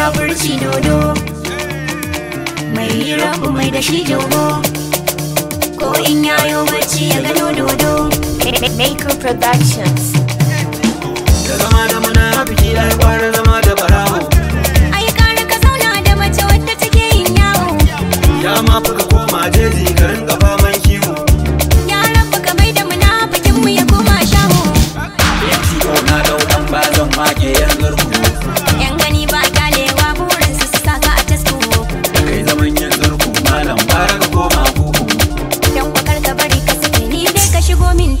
kafirci dodo mai rabu mai da shi dogo ko in yayo bacci ya gano dodo maker productions da zama da muna biki da kwara zama da barawo ai kara ka zauna da mace wadda take yin yawo ya ma fuka koma jeji ka rinka fama